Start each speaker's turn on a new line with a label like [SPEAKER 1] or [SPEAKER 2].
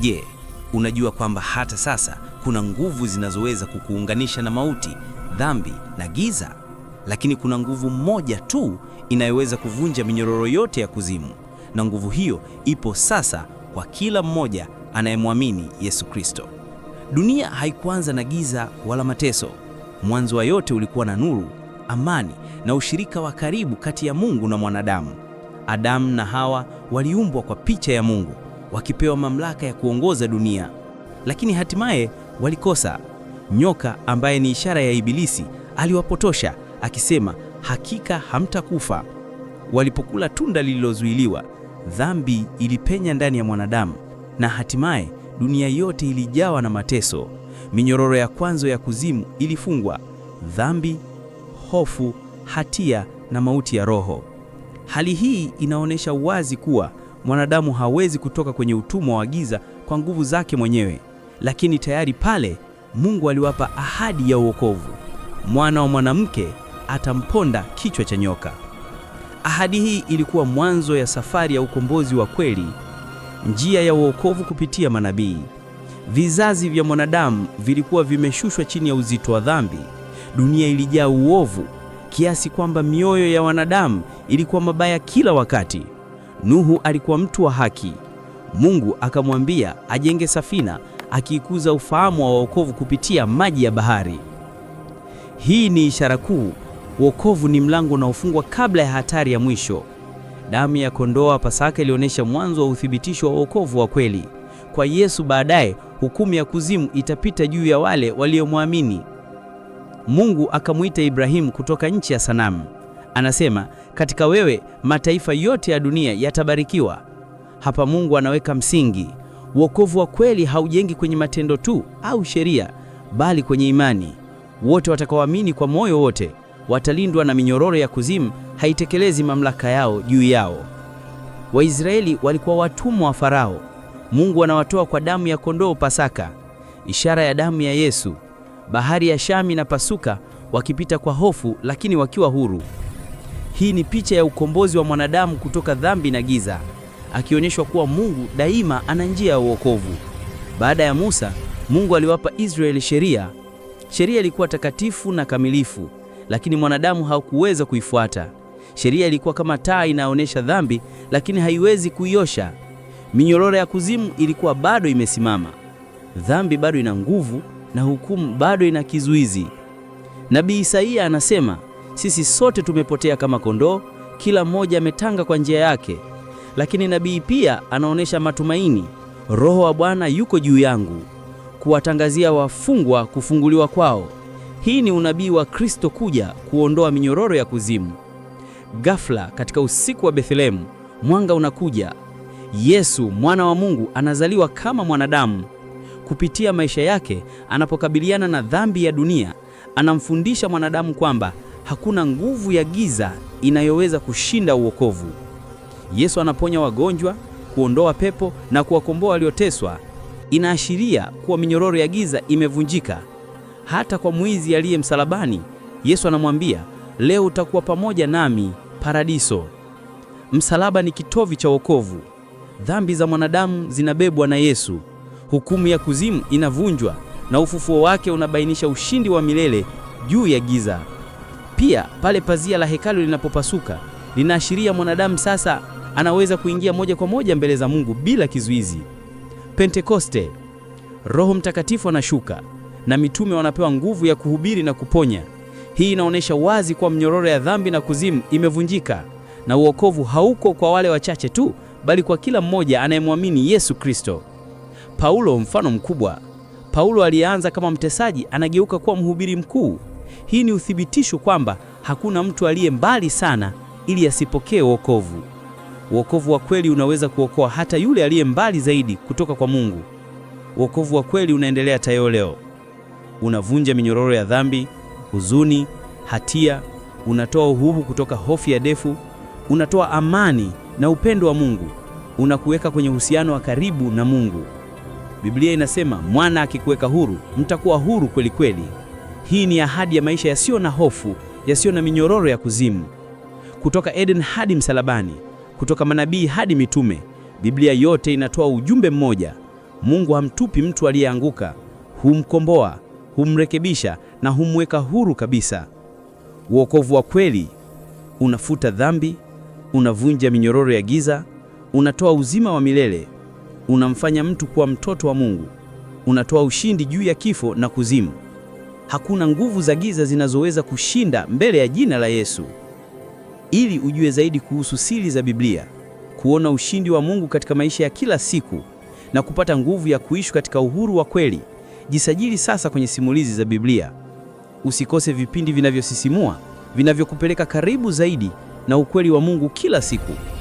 [SPEAKER 1] Je, unajua kwamba hata sasa kuna nguvu zinazoweza kukuunganisha na mauti, dhambi na giza? Lakini kuna nguvu moja tu inayoweza kuvunja minyororo yote ya kuzimu, na nguvu hiyo ipo sasa kwa kila mmoja anayemwamini Yesu Kristo. Dunia haikuanza na giza wala mateso. Mwanzo wa yote ulikuwa na nuru, amani na ushirika wa karibu kati ya Mungu na mwanadamu. Adamu na Hawa waliumbwa kwa picha ya Mungu wakipewa mamlaka ya kuongoza dunia, lakini hatimaye walikosa. Nyoka ambaye ni ishara ya Ibilisi aliwapotosha akisema, hakika hamtakufa. Walipokula tunda lililozuiliwa, dhambi ilipenya ndani ya mwanadamu na hatimaye dunia yote ilijawa na mateso. Minyororo ya kwanza ya kuzimu ilifungwa: dhambi, hofu, hatia na mauti ya roho. Hali hii inaonyesha wazi kuwa mwanadamu hawezi kutoka kwenye utumwa wa giza kwa nguvu zake mwenyewe, lakini tayari pale Mungu aliwapa ahadi ya uokovu: mwana wa mwanamke atamponda kichwa cha nyoka. Ahadi hii ilikuwa mwanzo ya safari ya ukombozi wa kweli, njia ya uokovu kupitia manabii. Vizazi vya mwanadamu vilikuwa vimeshushwa chini ya uzito wa dhambi. Dunia ilijaa uovu kiasi kwamba mioyo ya wanadamu ilikuwa mabaya kila wakati. Nuhu alikuwa mtu wa haki. Mungu akamwambia ajenge safina akiikuza ufahamu wa wokovu kupitia maji ya bahari. Hii ni ishara kuu. Wokovu ni mlango unaofungwa kabla ya hatari ya mwisho. Damu ya kondoo Pasaka ilionyesha mwanzo wa uthibitisho wa wokovu wa kweli. Kwa Yesu baadaye, hukumu ya kuzimu itapita juu ya wale waliomwamini. Mungu akamwita Ibrahimu kutoka nchi ya sanamu. Anasema katika wewe mataifa yote ya dunia yatabarikiwa. Hapa Mungu anaweka msingi. Wokovu wa kweli haujengi kwenye matendo tu au sheria, bali kwenye imani. Wote watakaoamini kwa moyo wote watalindwa na minyororo ya kuzimu haitekelezi mamlaka yao juu yao. Waisraeli walikuwa watumwa wa Farao. Mungu anawatoa kwa damu ya kondoo Pasaka, ishara ya damu ya Yesu. Bahari ya Shamu inapasuka, wakipita kwa hofu, lakini wakiwa huru. Hii ni picha ya ukombozi wa mwanadamu kutoka dhambi na giza, akionyeshwa kuwa Mungu daima ana njia ya uokovu. Baada ya Musa, Mungu aliwapa Israeli sheria. Sheria ilikuwa takatifu na kamilifu, lakini mwanadamu hakuweza kuifuata. Sheria ilikuwa kama taa inaonyesha dhambi, lakini haiwezi kuiosha. Minyororo ya kuzimu ilikuwa bado imesimama. Dhambi bado ina nguvu na hukumu bado ina kizuizi. Nabii Isaia anasema sisi sote tumepotea kama kondoo, kila mmoja ametanga kwa njia yake. Lakini nabii pia anaonyesha matumaini. Roho wa Bwana yuko juu yangu kuwatangazia wafungwa kufunguliwa kwao. Hii ni unabii wa Kristo kuja kuondoa minyororo ya kuzimu. Ghafla katika usiku wa Bethlehemu, mwanga unakuja. Yesu mwana wa Mungu anazaliwa kama mwanadamu. Kupitia maisha yake anapokabiliana na dhambi ya dunia, anamfundisha mwanadamu kwamba hakuna nguvu ya giza inayoweza kushinda uokovu. Yesu anaponya wagonjwa, kuondoa pepo na kuwakomboa walioteswa, inaashiria kuwa minyororo ya giza imevunjika. Hata kwa mwizi aliye msalabani, Yesu anamwambia, leo utakuwa pamoja nami paradiso. Msalaba ni kitovu cha wokovu. Dhambi za mwanadamu zinabebwa na Yesu, hukumu ya kuzimu inavunjwa, na ufufuo wake unabainisha ushindi wa milele juu ya giza. Pia pale pazia la hekalu linapopasuka linaashiria mwanadamu sasa anaweza kuingia moja kwa moja mbele za Mungu bila kizuizi. Pentekoste, Roho Mtakatifu anashuka na mitume wanapewa nguvu ya kuhubiri na kuponya. Hii inaonyesha wazi kuwa mnyororo ya dhambi na kuzimu imevunjika na uokovu hauko kwa wale wachache tu, bali kwa kila mmoja anayemwamini Yesu Kristo. Paulo mfano mkubwa. Paulo aliyeanza kama mtesaji anageuka kuwa mhubiri mkuu. Hii ni uthibitisho kwamba hakuna mtu aliye mbali sana ili asipokee wokovu. Wokovu wa kweli unaweza kuokoa hata yule aliye mbali zaidi kutoka kwa Mungu. Wokovu wa kweli unaendelea tayo leo, unavunja minyororo ya dhambi, huzuni, hatia, unatoa uhuru kutoka hofu ya defu, unatoa amani na upendo wa Mungu, unakuweka kwenye uhusiano wa karibu na Mungu. Biblia inasema mwana akikuweka huru, mtakuwa huru kweli kweli. Hii ni ahadi ya maisha yasiyo na hofu, yasiyo na minyororo ya kuzimu. Kutoka Eden hadi msalabani, kutoka manabii hadi mitume, Biblia yote inatoa ujumbe mmoja: Mungu hamtupi mtu aliyeanguka, humkomboa, humrekebisha na humweka huru kabisa. uokovu wa kweli unafuta dhambi, unavunja minyororo ya giza, unatoa uzima wa milele, unamfanya mtu kuwa mtoto wa Mungu, unatoa ushindi juu ya kifo na kuzimu hakuna nguvu za giza zinazoweza kushinda mbele ya jina la Yesu. Ili ujue zaidi kuhusu siri za Biblia, kuona ushindi wa Mungu katika maisha ya kila siku na kupata nguvu ya kuishi katika uhuru wa kweli, jisajili sasa kwenye Simulizi za Biblia. Usikose vipindi vinavyosisimua, vinavyokupeleka karibu zaidi na ukweli wa Mungu kila siku.